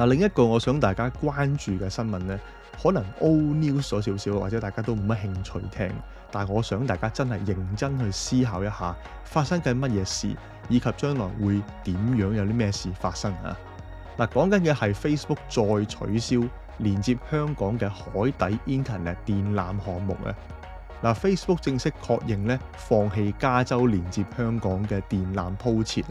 嗱，另一個我想大家關注嘅新聞呢，可能 Old News 咗少少，或者大家都冇乜興趣聽。但我想大家真係認真去思考一下發生緊乜嘢事，以及將來會點樣有啲咩事發生啊！嗱，講緊嘅係 Facebook 再取消連接香港嘅海底 Internet 電纜項目啊！嗱，嗯，Facebook 正式確認呢放棄加州連接香港嘅電纜鋪設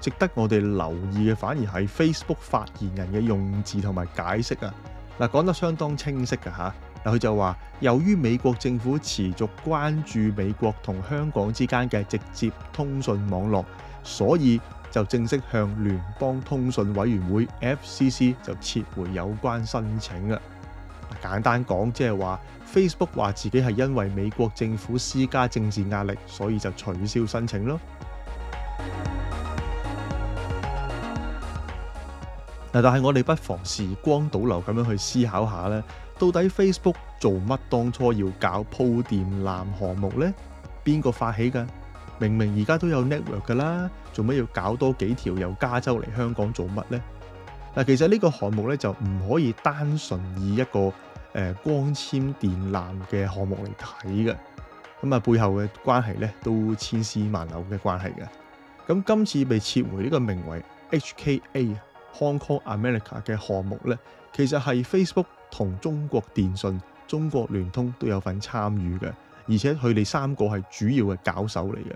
值得我哋留意嘅，反而係 Facebook 發言人嘅用字同埋解釋啊！嗱，講得相當清晰嘅吓，嗱，佢就話，由於美國政府持續關注美國同香港之間嘅直接通訊網絡，所以就正式向聯邦通訊委員會 FCC 就撤回有關申請啦。簡單講，即係話 Facebook 話自己係因為美國政府施加政治壓力，所以就取消申請咯。但係我哋不妨時光倒流咁樣去思考下咧，到底 Facebook 做乜當初要搞鋪電纜項目呢？邊個發起噶？明明而家都有 network 噶啦，做乜要搞多幾條由加州嚟香港做乜呢？嗱，其實呢個項目咧就唔可以單純以一個、呃、光纖電纜嘅項目嚟睇嘅，咁、嗯、啊背後嘅關係咧都千絲萬縷嘅關係嘅。咁、嗯、今次被撤回呢個名為 HKA Hong Kong America 嘅項目呢，其實係 Facebook 同中國電信、中國聯通都有份參與嘅，而且佢哋三個係主要嘅搞手嚟嘅。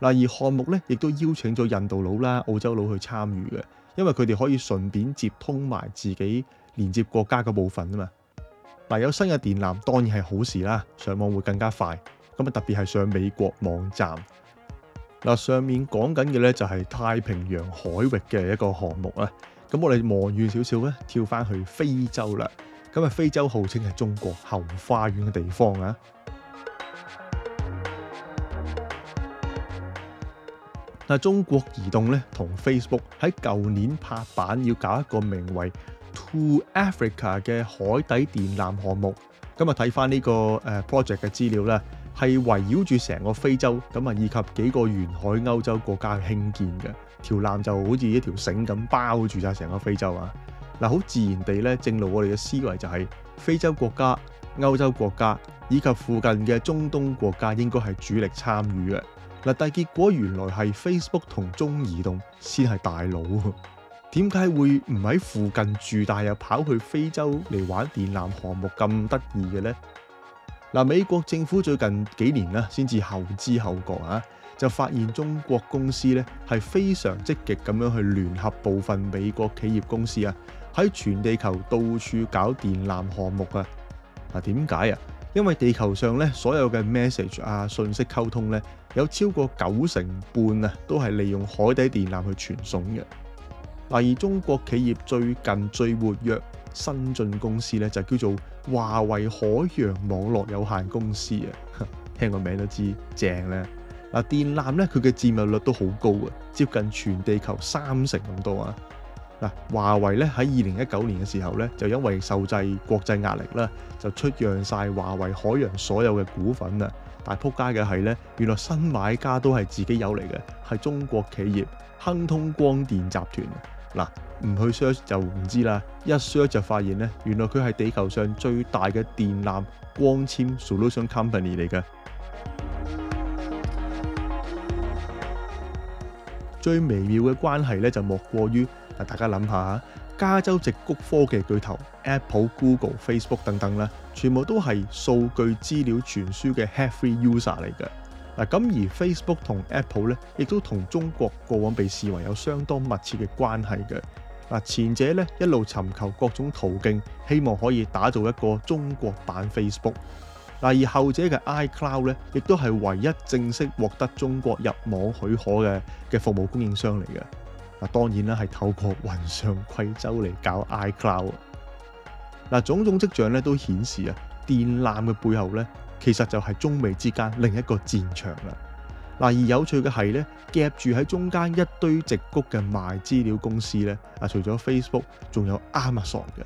嗱，而項目呢，亦都邀請咗印度佬啦、澳洲佬去參與嘅，因為佢哋可以順便接通埋自己連接國家嘅部分啊嘛。嗱，有新嘅電纜當然係好事啦，上網會更加快。咁啊，特別係上美國網站。嗱，上面講緊嘅咧就係太平洋海域嘅一個項目啦。咁我哋望遠少少咧，跳翻去非洲啦。咁啊，非洲號稱係中國後花園嘅地方啊。嗱，中國移動咧同 Facebook 喺舊年拍板要搞一個名為 2Africa 嘅海底電纜項目。咁啊，睇翻呢個誒 project 嘅資料咧。係圍繞住成個非洲咁啊，以及幾個沿海歐洲國家興建嘅條纜，就好似一條繩咁包住晒成個非洲啊！嗱，好自然地咧，正路我哋嘅思維就係、是、非洲國家、歐洲國家以及附近嘅中東國家應該係主力參與嘅。嗱，但係結果原來係 Facebook 同中移動先係大佬，點解會唔喺附近住，但又跑去非洲嚟玩電纜項目咁得意嘅呢？嗱，美國政府最近幾年咧，先至後知後覺啊，就發現中國公司咧係非常積極咁樣去聯合部分美國企業公司啊，喺全地球到處搞電纜項目啊。嗱，點解啊？因為地球上咧所有嘅 message 啊、信息溝通咧，有超過九成半啊，都係利用海底電纜去傳送嘅。嗱，而中國企業最近最活躍。新進公司咧就叫做華為海洋網絡有限公司啊，聽個名都知正咧。嗱，電纜咧佢嘅佔有率都好高嘅啊，接近全地球三成咁多啊。嗱，華為咧喺二零一九年嘅時候咧，就因為受制國際壓力咧，就出讓晒華為海洋所有嘅股份啊。但係撲街嘅係咧，原來新買家都係自己有嚟嘅，係中國企業亨通光電集團嗱。啊。唔去 search 就唔知啦，一 search 就發現咧，原來佢係地球上最大嘅電纜光纖 solution company 嚟嘅。 最微妙嘅關係咧，就莫過於嗱，大家諗下吓加州矽谷科技巨頭 Apple、Google、Facebook 等等咧，全部都係數據資料傳輸嘅 heavy user 嚟嘅嗱。咁而 Facebook 同 Apple 咧，亦都同中國過往被視為有相當密切嘅關係嘅。嗱，前者咧，一路尋求各種途徑，希望可以打造一個中國版 Facebook。嗱，而後者嘅 iCloud 咧，亦都係唯一正式獲得中國入網許可嘅嘅服務供應商嚟嘅。嗱，當然啦，係透過雲上貴州嚟搞 iCloud。嗱，種種跡象咧都顯示啊，電纜嘅背後咧，其實就係中美之間另一個戰場啦。嗱，而有趣嘅係咧，夾住喺中間一堆矽谷嘅賣資料公司咧，啊，除咗 Facebook，仲有 Amazon 嘅。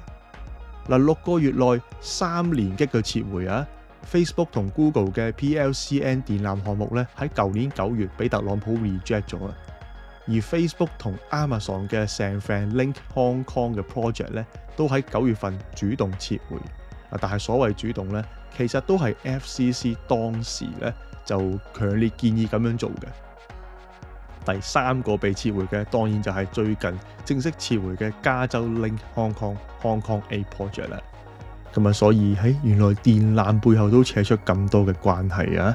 嗱，六個月內三連擊嘅撤回啊！Facebook 同 Google 嘅 PLCN 電纜項目咧，喺舊年九月俾特朗普 reject 咗啦。而 Facebook 同 Amazon 嘅 San Fran Link Hong Kong 嘅 project 咧，都喺九月份主動撤回。啊，但係所謂主動咧。其實都係 FCC 當時咧就強烈建議咁樣做嘅。第三個被撤回嘅，當然就係最近正式撤回嘅加州 Link Hong Kong Hong Kong A Project 啦。咁啊，所以喺、哎、原來電纜背後都扯出咁多嘅關係啊！